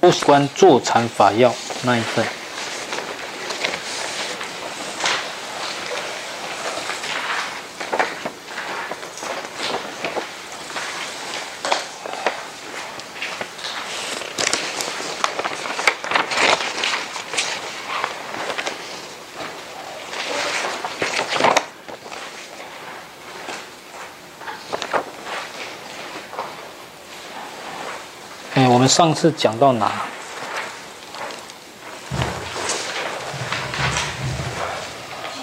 不，《止觀坐禪法要》那一份。上次講到哪？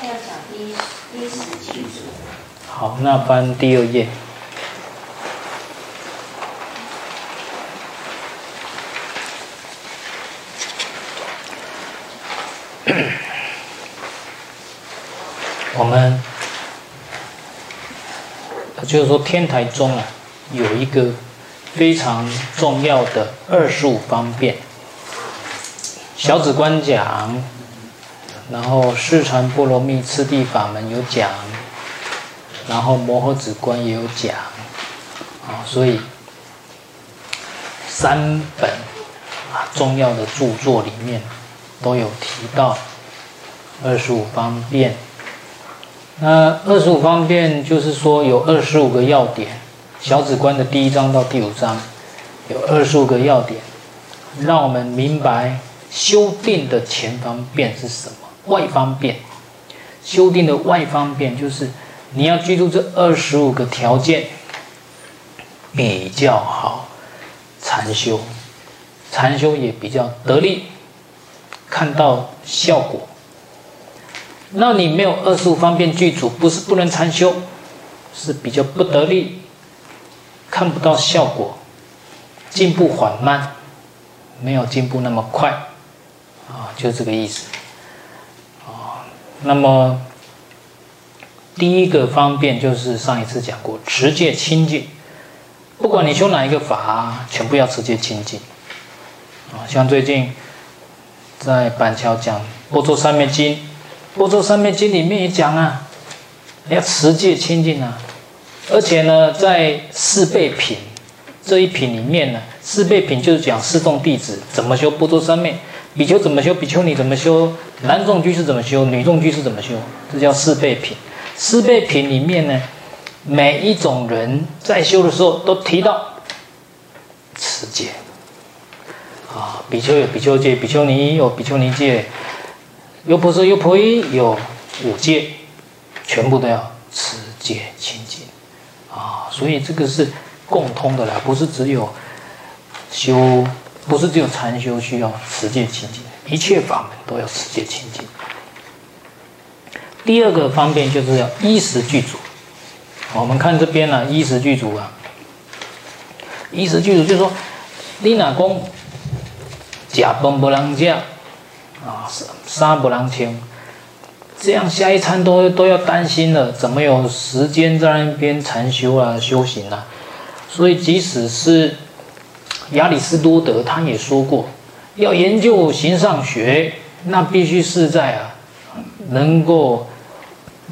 要講第第十七組。好，那翻第二頁。我們就是說，天台宗啊，有一個。非常重要的二十五方便，小止觀講，然後釋禪波羅蜜次第法門有講，然後摩訶止觀也有講，啊，所以三本啊重要的著作裡面都有提到二十五方便。那二十五方便就是說有二十五個要點。《小止觀》的第一章到第五章有二十五個要點，讓我們明白修定的前方便是什麼。外方便，修定的外方便就是你要記住這二十五個條件比較好，禪修，禪修也比較得力，看到效果。那你沒有二十五方便具足，不是不能禪修，是比較不得力。看不到效果，進步緩慢，沒有進步那麼快，啊，就這個意思，啊，那麼第一個方便就是上一次講過，持戒清淨，不管你修哪一個法，全部要持戒清淨，啊，像最近在板橋講《般舟三昧經》，《般舟三昧經》裡面也講啊，要持戒清淨啊。而且呢，在四倍品這一品裡面呢，四倍品就是講四眾弟子怎麼修般舟三昧，比丘怎麼修，比丘尼怎麼修，男眾居士怎麼修，女眾居士怎麼修，這叫四倍品。四倍品裡面呢，每一種人在修的時候都提到持戒。啊，比丘有比丘戒，比丘尼有比丘尼戒，優婆塞優婆夷有五戒，全部都要持戒清淨。所以這個是共通的啦，不是只有修，不是只有禪修需要持戒清淨，一切法門都要持戒清淨。第二個方面就是要衣食俱足。我們看這邊呢，衣食俱足啊，衣食俱足啊，就是說，你哪公，崩不能飢啊，三不讓窮。這樣下一餐都都要擔心了，怎麼有時間在那邊禪修啊、修行啊？所以，即使是亞里士多德，他也說過，要研究形上學，那必須是在啊，能夠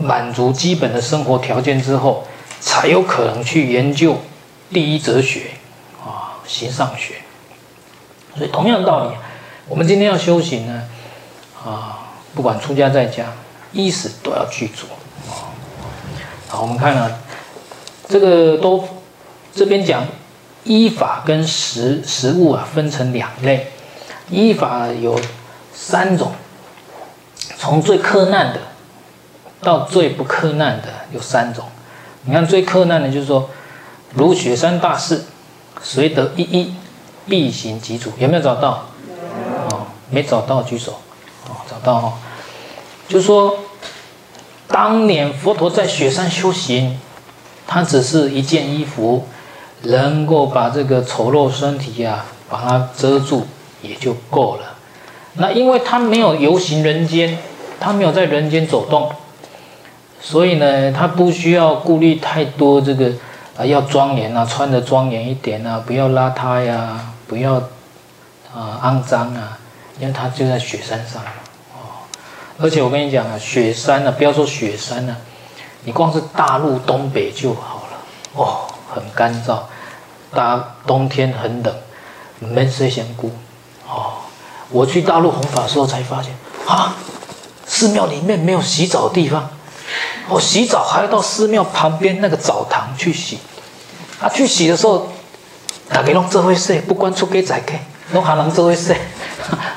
滿足基本的生活條件之後，才有可能去研究第一哲學啊，形上學。所以，同樣的道理，我們今天要修行呢，啊，不管出家在家，意識都要去做啊！好，我們看啊，這個都這邊講衣法跟實實物啊，分成兩類。衣法有三種，從最克難的到最不克難的有三種。你看最克難的，就是說如雪山大士，隨得一衣，蔽形即足，有沒有找到？哦，沒找到，舉手。哦，找到哦。就說，當年佛陀在雪山修行，他只是一件衣服，能夠把這個醜陋身體啊，把它遮住也就夠了。那因為他沒有遊行人間，他沒有在人間走動，所以呢，他不需要顧慮太多這個啊、呃，要莊嚴啊，穿的莊嚴一點啊，不要邋遢呀、啊，不要啊、呃，骯髒啊，因為他就在雪山上。而且我跟你講啊，雪山呢、啊，不要說雪山呢、啊，你光是大陸東北就好了哦，很乾燥，大冬天很冷，沒吃香菇哦。我去大陸弘法的時候才發現啊，寺廟裡面沒有洗澡的地方，我洗澡還要到寺廟旁邊那個澡堂去洗。啊，去洗的時候，哪給弄這回事？不管出家在家，弄下人這回事。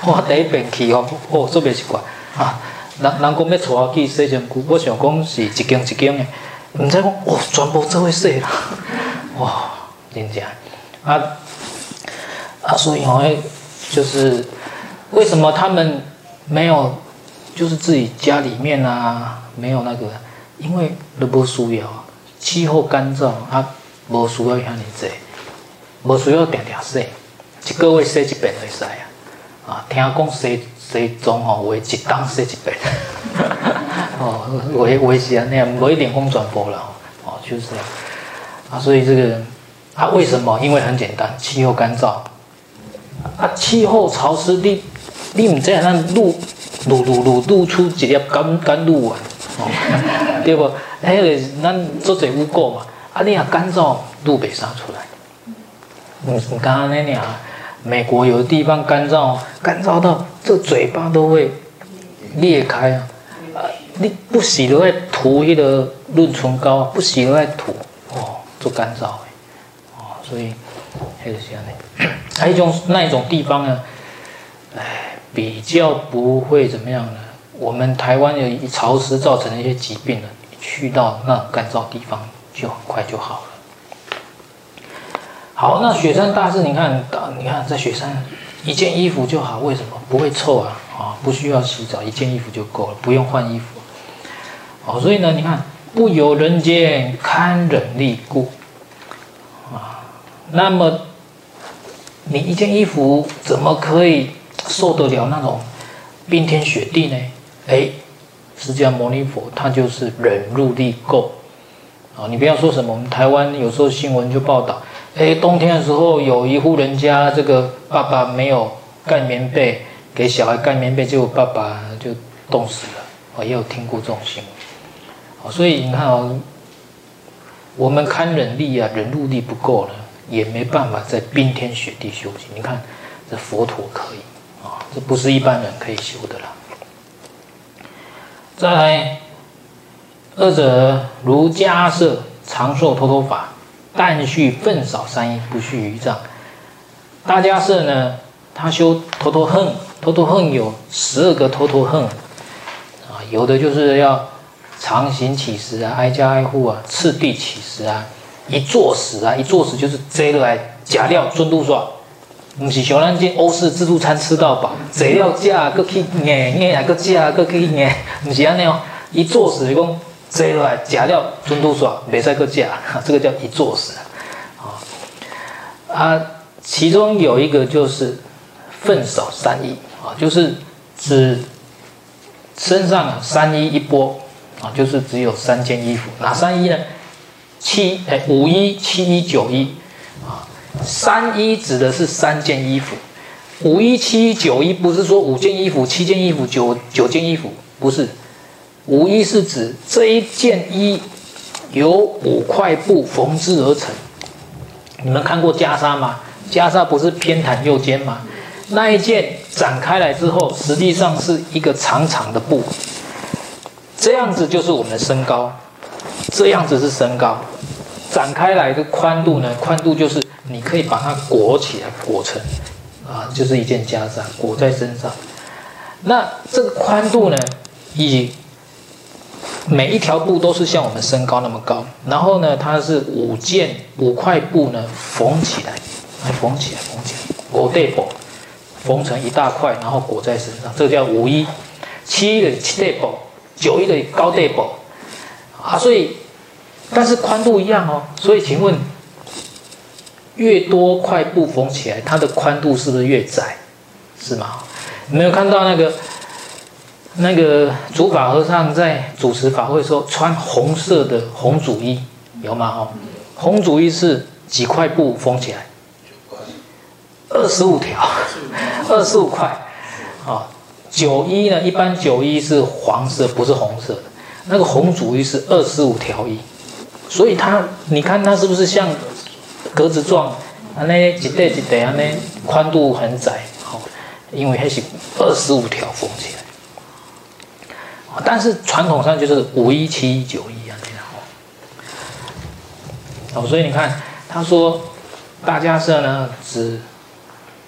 我第一遍去哦，哦，很不習慣啊。人人講要帶去洗身軀。我想講是一間一間的，毋知講哦，全部做伙洗啦，哇，真正啊 啊，所以講，就是為什麼他們沒有就是自己家裡面啊沒有那個，因為你無需要，氣候乾燥啊，無需要遐爾濟，無需要常常洗，一個月洗一遍會使啊，啊，聽講洗。這一種吼，為一冬洗一輩，哦、 喔，為為是啊，你啊，無一點風傳播了，哦，就是啊，啊，所以這個，啊，為什麼？因為很簡單，氣候乾燥，啊，氣候潮濕，你，你，不知道，咱露，露，露，露，露出一粒甘，甘露的，錄錄錄喔、 對不？哎、欸，那個咱做儕污垢嘛，啊，你若乾燥，露袂生出來，嗯，剛剛那年美國有的地方乾燥，乾燥到這嘴巴都會裂開啊！你不洗都在塗一個潤唇膏，不洗都在塗，哦，這乾燥哎！哦，所以還是這樣的。還有一種那一種地方呢，哎，比較不會怎麼樣呢。我們台灣有一潮濕造成的一些疾病呢，去到那乾燥地方就很快就好了。好，那雪山大士，你看、啊，你看在雪山，一件衣服就好，為什麼不會臭啊？啊，不需要洗澡，一件衣服就夠了，不用換衣服。啊、所以呢，你看不由人間，堪忍力故。啊，那麼你一件衣服怎麼可以受得了那種冰天雪地呢？哎，釋迦牟尼佛他就是忍辱力夠。啊，你不要說什麼，我們台灣有時候新聞就報道。哎，冬天的時候，有一戶人家，這個爸爸沒有蓋棉被，給小孩蓋棉被，結果爸爸就凍死了。哦，也有聽過這種新聞。所以你看哦，我們堪忍力啊，忍辱力不夠了，也沒辦法在冰天雪地修行。你看，這佛陀可以啊，哦，這不是一般人可以修的了。再來，二者，如迦葉常受頭陀法。但蓄糞掃三衣，不蓄餘長。大迦葉呢，他修頭陀行，頭陀行有十二個頭陀行啊，有的就是要常行乞食啊，挨家挨戶啊，次第乞食啊，一坐食啊，一坐食就是坐下來了尊度，假料專嘟耍，唔是小南京歐式自助餐吃到飽，賊了假，擱去硬硬啊，擱假，擱去硬，唔是安尼哦，一坐食就講、是。這一類假料度都說沒在個價，這個叫一坐食啊！啊，其中有一個就是“糞掃三衣，啊，就是只身上三衣一缽，啊，就是只有三件衣服。哪三衣呢？七哎，五衣七衣九衣啊，三衣指的是三件衣服。五衣七衣九衣不是說五件衣服、七件衣服、九九件衣服，不是。五衣是指這一件衣由五塊布縫制而成。你們看過袈裟嗎？袈裟不是偏袒右肩嗎？那一件展開來之後，實際上是一個長長的布。這樣子就是我們的身高，這樣子是身高。展開來的寬度呢？寬度就是你可以把它裹起來，裹成啊，就是一件袈裟裹在身上。那這個寬度呢？以每一條布都是像我們身高那麼高，然後呢，它是五件五塊布呢縫起來，縫起來縫起來，五對布，縫成一大塊，然後裹在身上，這個、叫五衣，七衣的七對布，九衣的高對布，啊，所以，但是寬度一樣哦。所以，請問，越多塊布縫起來，它的寬度是不是越窄？是嗎？你沒有看到那個。那個祖法和尚在主持法會說，穿紅色的紅祖衣，有嗎？紅祖衣是幾塊布縫起來？二十五條，二十五塊，啊、哦、九衣呢？一般九衣是黃色，不是紅色的。那個紅祖衣是二十五條衣，所以它，你看它是不是像格子狀？啊，那一對一對啊，那寬度很窄，吼，因為還是二十五條縫起來。但是傳統上就是五衣、七衣、九衣啊，這樣哦。哦，所以你看他說大迦葉呢，只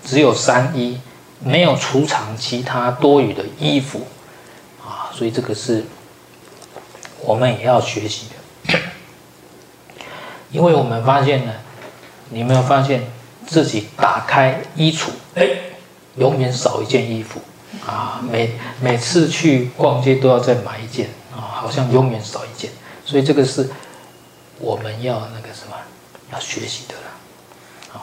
只有三衣，沒有儲藏其他多餘的衣服啊，所以這個是我們也要學習的，因為我們發現呢，你沒有發現自己打開衣櫥，哎，永遠少一件衣服。啊，每每次去逛街都要再買一件啊、哦，好像永遠少一件，所以這個是我們要那個什麼要學習的了。哦、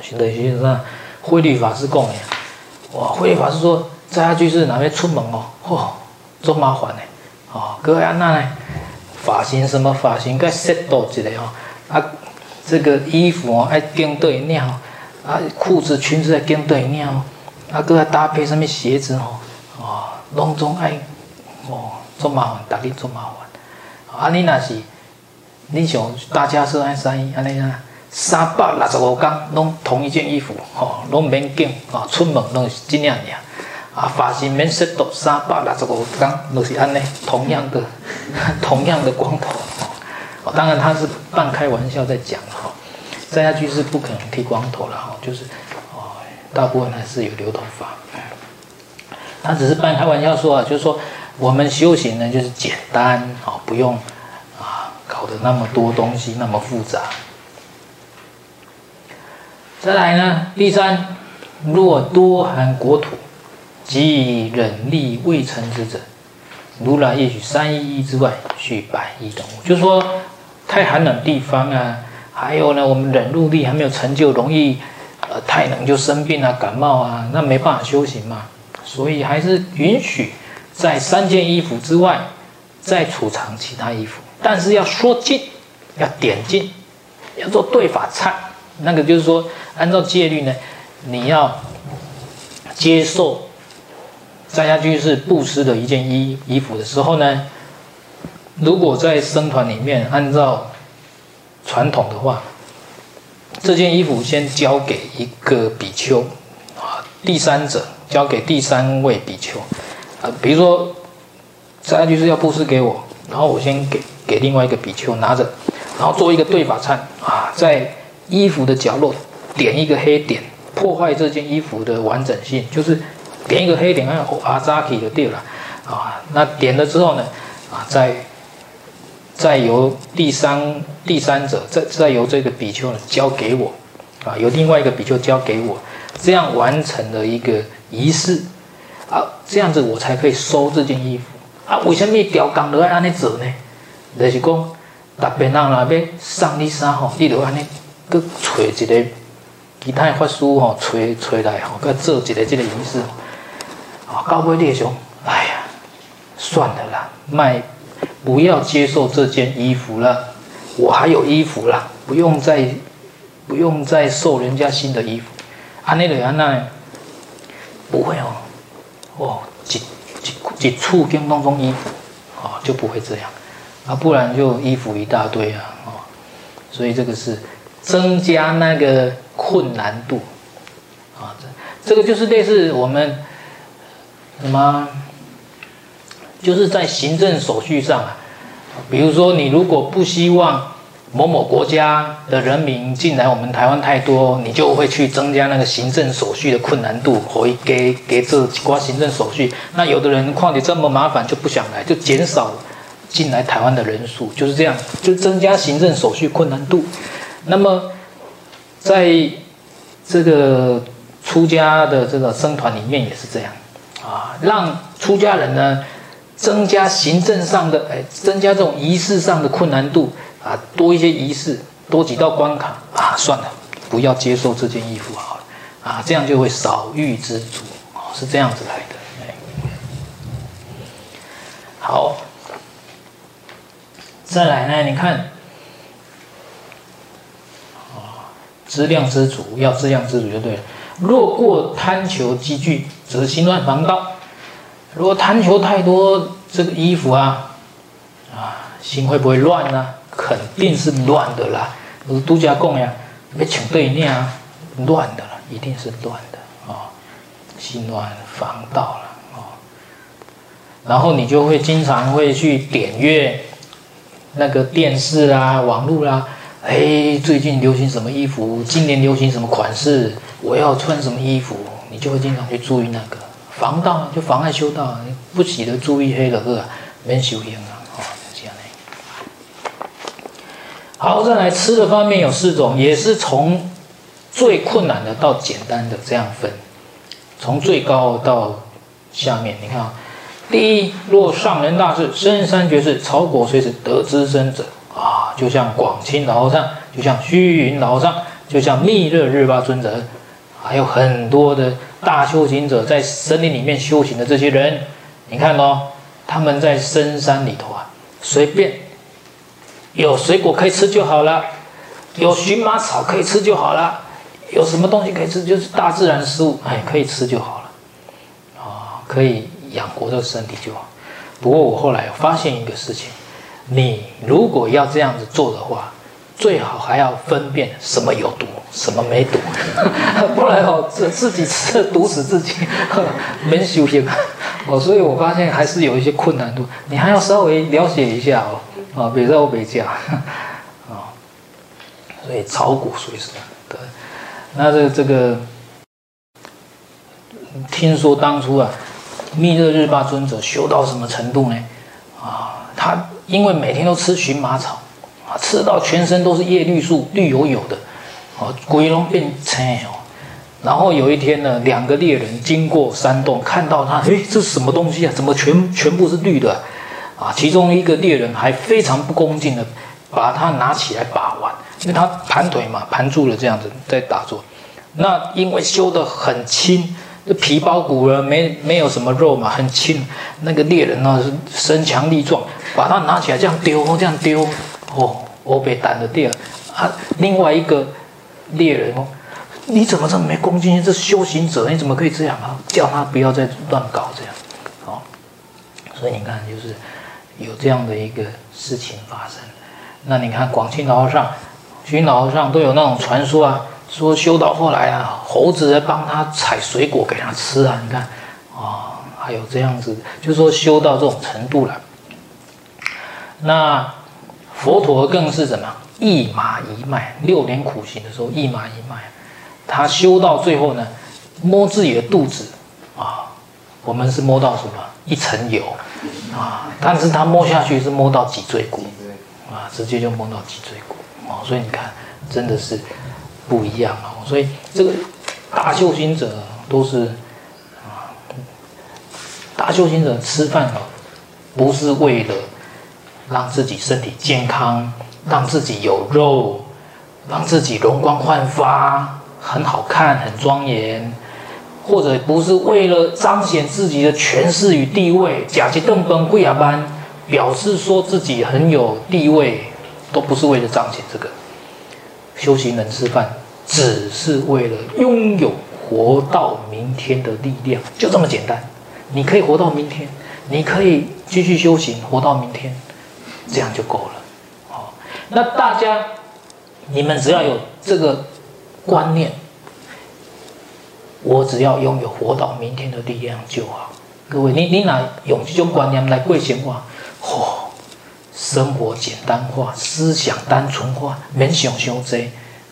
學的學，那現在一些什麼慧律法師講，哇，慧律法師說，再下去是哪邊出門哦，嚯，多麻煩呢？哦，哦各位安那、啊、呢？髮型什麼髮型該 set 到一點哦。啊，這個衣服哦愛跟對尿，啊，褲子、裙子愛跟對尿哦。啊啊，擱要搭配什麼鞋子哦？哦，攏總愛哦，作麻煩，逐日作麻煩。啊，你那是你想大家說愛安怎？安尼啊，三百六十五天攏同一件衣服哦，攏免變哦，出門攏是這樣子啊。髮型免濕度三百六十五天就是安尼，同樣的，同樣的光頭。哦，當然，他是半開玩笑在講哈，再下去是不可能剃光頭了哈，就是。大部分還是有留頭髮，他只是半開玩笑說啊，就是說我們修行呢，就是簡單，哦、不用啊，搞得那麼多東西那麼複雜。再來呢，第三，若多寒國土及忍力未成之者，如來亦許三衣之外，畜百一眾具。就是說，太寒冷地方啊，還有呢，我們忍辱力還沒有成就，容易。太冷就生病啊，感冒啊，那沒辦法修行嘛。所以還是允許在三件衣服之外再儲藏其他衣服，但是要說淨，要點淨，要做對法菜，那個就是說，按照戒律呢，你要接受在家居士布施的一件衣衣服的時候呢，如果在僧團裡面按照傳統的話。這件衣服先交給一個比丘，啊，第三者交給第三位比丘，啊，比如說，再來就是要布施給我，然後我先給給另外一個比丘拿着，然後做一個對法懺，啊，在衣服的角落點一個黑點，破壞這件衣服的完整性，就是點一個黑點，阿扎起就對了，啊，那點了之後呢，啊，在。再由第三第三者，再再由這個比丘交給我，啊，由另外一個比丘交給我，這樣完成了一個儀式，啊，這樣子我才可以收這件衣服，啊，為什麼吊槓都要按呢做呢？就是講，別人啊要送你啥吼，你就按呢，佮揣一個其他的法師吼，揣揣來吼，佮做一個這個儀式，啊，到尾你就想，哎呀，算了啦，賣。不要接受這件衣服了，我還有衣服了，不用再，不用再受人家新的衣服。啊，那個人不會哦，哦幾幾幾處跟東風衣服，哦就不會這樣，啊不然就衣服一大堆啊，哦，所以這個是增加那個困難度，啊、哦，這這個就是類似我們什麼。就是在行政手續上啊，比如說你如果不希望某某國家的人民進來我們台灣太多，你就會去增加那個行政手續的困難度，回給給這關行政手續。那有的人況且這麼麻煩就不想來，就減少進來台灣的人數，就是這樣，就增加行政手續困難度。那麼在這個出家的這個僧團裡面也是這樣啊，讓出家人呢。增加行政上的哎，增加這種儀式上的困難度啊，多一些儀式，多幾道關卡啊，算了，不要接受這件衣服好了啊，這樣就會少欲知足哦，是這樣子來的哎。好，再來呢，你看啊，知、哦、知量知足，要知量知足就對了，若過貪求積聚，則心亂煩惱。如果貪求太多，這個衣服啊，啊，心會不會亂呢、啊？肯定是亂的啦。都是度假供呀，被搶對面啊，亂的了，一定是亂的啊、哦。心亂，防盜了啊、哦。然後你就會經常會去點閱那個電視啦、網絡啦。哎，最近流行什麼衣服？今年流行什麼款式？我要穿什麼衣服？你就會經常去注意那個。防道，就妨礙修道，不記得注意黑了餓，沒修行啊！哦，就是這樣。好，再來吃的方面有四種，也是從最困難的到簡單的這樣分，從最高到下面，你看啊，第一，若上人大士深山絕世、草果蔬食隨得資身者啊，就像廣欽老上，就像虛雲老上，就像密勒日巴尊者，還有很多的。大修行者在森林裡面修行的這些人，你看哦，他們在深山裡頭啊，隨便有水果可以吃就好了，有蕁麻草可以吃就好了，有什麼東西可以吃就是大自然食物，哎，可以吃就好了，啊、哦，可以養活這個身體就好。不過我後來發現一個事情，你如果要這樣子做的話。最好還要分辨什麼有毒，什麼沒毒， 不然哦，自自己吃了毒死自己，沒修行，我所以我發現還是有一些困難度，你還要稍微了解一下哦，啊，別造別加，啊，所以炒股屬於什麼？對，那這個、這個，聽說當初啊，密勒日巴尊者修到什麼程度呢？啊、哦，他因為每天都吃蕁麻草。吃到全身都是葉綠素，綠油油的，哦，鬼龍變青哦。然後有一天呢，兩個獵人經過山洞，看到他，誒，這是什麼東西啊？怎麼全全部是綠的啊？啊，其中一個獵人還非常不恭敬地，把它拿起來把玩，因為他盤腿嘛，盤住了這樣子在打坐。那因為修得很輕，皮包骨了，沒沒有什麼肉嘛，很輕。那個獵人呢是身強力壯，把它拿起來這樣丟，這樣丟。哦，我被打的第二啊！另外一個獵人哦，你怎麼這麼沒公信力？這修行者你怎麼可以這樣啊？叫他不要再亂搞這樣，哦，所以你看，就是有這樣的一個事情發生。那你看，廣欽老和尚、虛老和尚都有那種傳說啊，說修到後來啊，猴子在幫他採水果給他吃啊。你看，啊、哦，還有這樣子，就是說修到這種程度了。那。佛陀更是什麼？一麻一麥，六年苦行的時候一麻一麥，他修到最後呢，摸自己的肚子啊，我們是摸到什麼？一層油啊，但是他摸下去是摸到脊椎骨啊，直接就摸到脊椎骨啊，所以你看真的是不一樣啊，所以這個大修行者都是啊，大修行者吃飯啊，不是為了。讓自己身體健康，讓自己有肉，讓自己容光煥發，很好看，很莊嚴，或者不是為了彰顯自己的權勢與地位，甲吉鄧崩跪下班表示說自己很有地位，都不是為了彰顯這個。修行人吃飯，只是為了擁有活到明天的力量，就這麼簡單。你可以活到明天，你可以繼續修行，活到明天。這樣就夠了，哦，那大家，你們只要有這個觀念，我只要擁有活到明天的力量就好。各位，你你來用這種觀念來過生活，哦，生活簡單化，思想單純化，免想想這，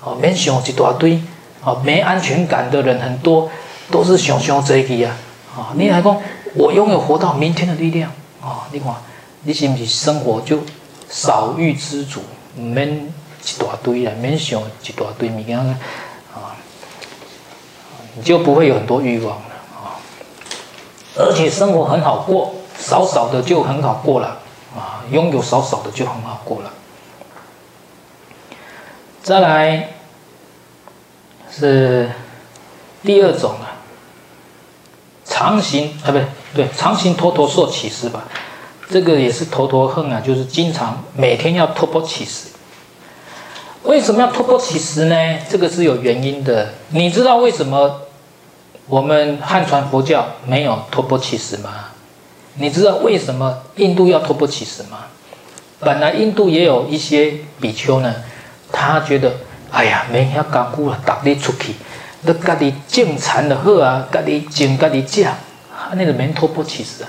哦，免想一大堆，哦，沒安全感的人很多，都是想想這起呀。啊、哦，你來講，我擁有活到明天的力量，啊、哦，你看。你是不是生活就少欲知足，唔免一大堆啦，唔免想一大堆物件看啊，你就不會有很多慾望了啊。而且生活很好過，少少的就很好過了啊，擁有少少的就很好過了。再來是第二種啊，常行啊，不對，對，常行妥妥坐起事吧。這個也是頭陀行啊，就是經常每天要托缽乞食。為什麼要托缽乞食呢？這個是有原因的。你知道為什麼我們漢傳佛教沒有托缽乞食嗎？你知道為什麼印度要托缽乞食嗎？本來印度也有一些比丘呢，他覺得，哎呀，人要幹苦了，打的出去，那家裡種禪的好啊，家裡種家裡醬，那個沒托缽乞食啊。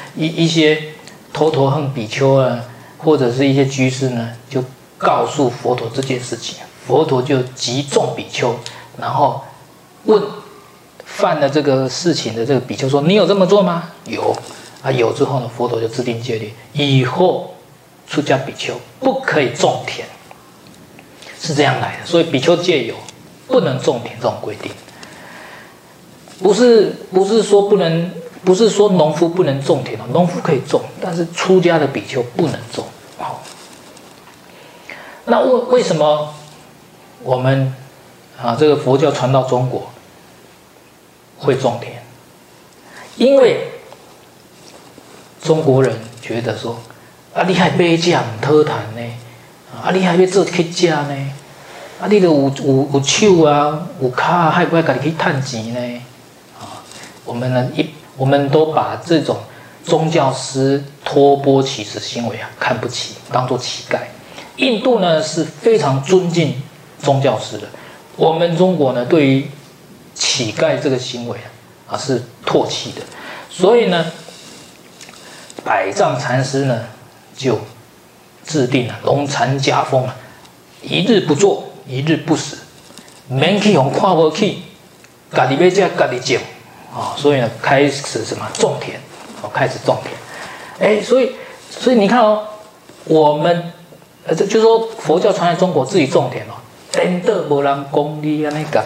一一些佛陀恨比丘啊，或者是一些居士呢，就告訴佛陀這件事情，佛陀就集中比丘，然後問犯了這個事情的這個比丘說：“你有這麼做嗎？”有啊，有之後呢，佛陀就制定戒律，以後出家比丘不可以種田，是這樣來的。所以比丘戒有不能種田這種規定，不是不是說不能。不是說農夫不能種田哦，農夫可以種，但是出家的比丘不能種好。那為為什麼我們啊這個佛教傳到中國會種田？因為中國人覺得說啊，你還沒講特談呢，啊，你還沒以自己去講呢，啊，你的有有有手啊，有腳啊，還不可以自己去賺錢呢啊，我們呢一。我們都把這種宗教師托缽乞食行為啊，看不起，當做乞丐。印度呢是非常尊敬宗教師的，我們中國呢對於乞丐這個行為啊是唾棄的。所以呢，百丈禪師呢就制定了農禪家風啊，一日不作，一日不死，免去紅看不起，家裡面家家裡住。哦，所以呢，開始什麼種田？哦，開始種田。誒、欸，所以，所以你看哦，我們呃，這就是、說佛教傳來中國，自己種田哦。等到無人攻你啊，尼個，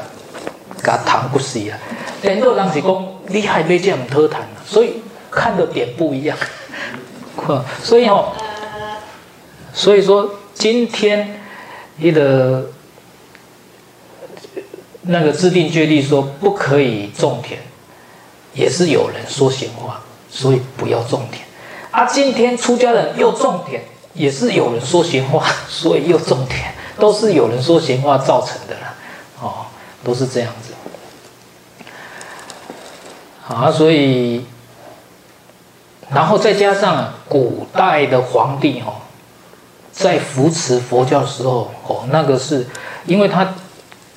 噶談骨事啊？等到人是講你還沒這麼偷談呢。所以看的點不一樣。呵， 所以哦，所以說今天你的那個制定決定說不可以種田。也是有人說閒話，所以不要種田。啊，今天出家人又種田，也是有人說閒話，所以又種田，都是有人說閒話造成的了。哦，都是這樣子。啊，所以，然後再加上古代的皇帝哦，在扶持佛教的時候哦，那個是因為他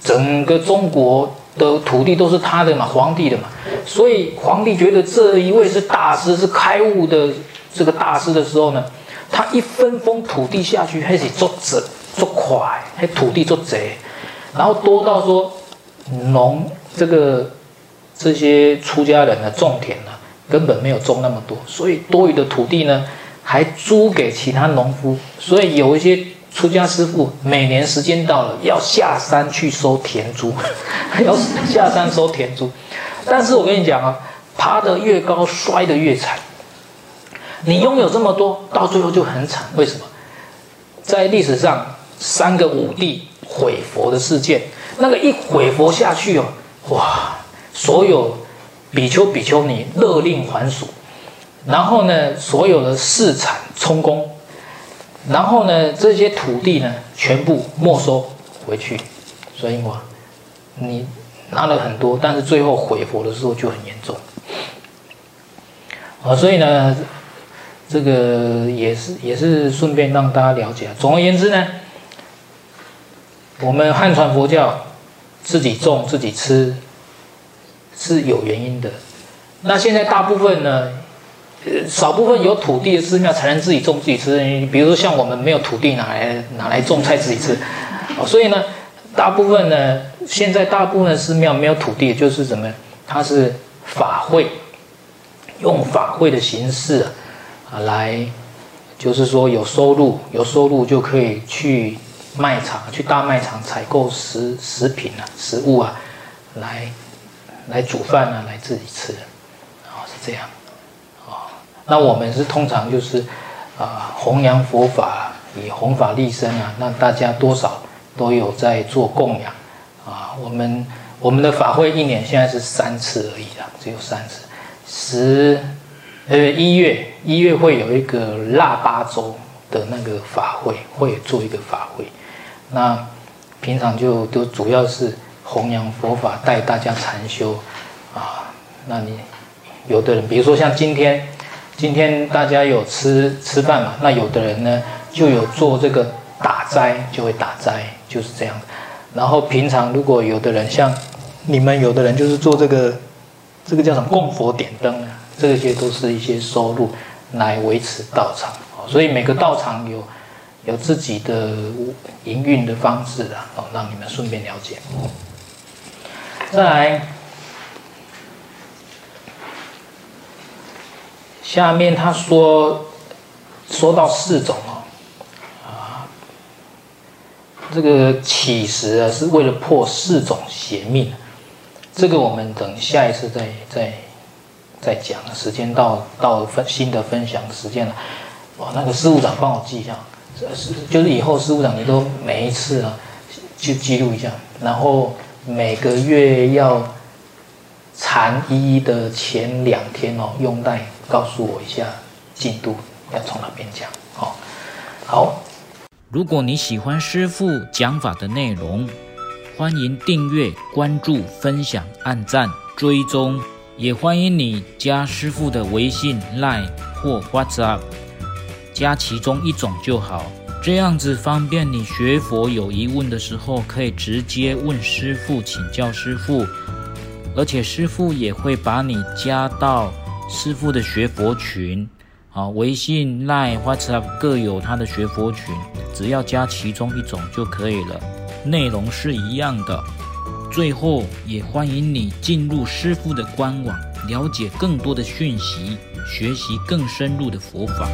整個中國。的土地都是他的嘛，皇帝的嘛，所以皇帝覺得這一位是大師，是開悟的這個大師的時候呢，他一分封土地下去，開始做賊做快，還土地做賊，然後多到說農這個這些出家人呢種田呢根本沒有種那麼多，所以多餘的土地呢還租給其他農夫，所以有一些。出家師父每年時間到了，要下山去收田租，要下山收田租。但是我跟你講啊，爬得越高，摔得越慘。你擁有這麼多，到最後就很慘。為什麼？在歷史上，三個武帝毀佛的事件，那個一毀佛下去哦、啊，哇，所有比丘比丘尼勒令還俗，然後呢，所有的寺產充公。然後呢，這些土地呢，全部沒收回去，所以我你拿了很多，但是最後毀佛的時候就很嚴重，啊，所以呢，這個也是也是順便讓大家了解。總而言之呢，我們漢傳佛教自己種自己吃是有原因的，那現在大部分呢。呃，少部分有土地的寺廟才能自己種自己吃，你比如說像我們沒有土地，哪來哪來種菜自己吃，哦，所以呢，大部分呢，現在大部分寺廟沒有土地，就是什麼，它是法會，用法會的形式啊，啊來，就是說有收入，有收入就可以去賣場、去大賣場採購食食品啊、食物啊，來來煮飯啊，來自己吃，啊是這樣。那我們是通常就是，啊、呃，弘揚佛法，以弘法立身啊，那大家多少都有在做供養，啊，我們我們的法會一年現在是三次而已啊，只有三次，十，呃，一月一月會有一個臘八粥的那個法會，會做一個法會，那平常就都主要是弘揚佛法，帶大家禪修，啊，那你有的人，比如說像今天。今天大家有吃吃飯嘛？那有的人呢，就有做這個打齋，就會打齋，就是這樣。然後平常如果有的人像你們有的人，就是做這個，這個叫什麼供佛點燈啊？這些都是一些收入來維持道場。所以每個道場有有自己的營運的方式啊，讓你們順便了解。再來。下面他說，說到四種哦，啊，這個乞食啊是為了破四種邪命，這個我們等下一次再再再講。時間到到分新的分享時間了，哦，那個事務長幫我記一下，是就是以後事務長你都每一次啊就記錄一下，然後每個月要禪一的前兩天哦用帶。告訴我一下進度，要從哪邊講？好，哦，好。如果你喜歡師父講法的內容，歡迎訂閱、關注、分享、按讚、追蹤，也歡迎你加師父的微信、Line 或 WhatsApp，加其中一種就好。這樣子方便你學佛有疑問的時候可以直接問師父，請教師父，而且師父也會把你加到。師父的學佛群，啊，微信、Line、WhatsApp 各有他的學佛群，只要加其中一種就可以了，內容是一樣的。最後，也歡迎你進入師父的官網，了解更多的訊息，學習更深入的佛法。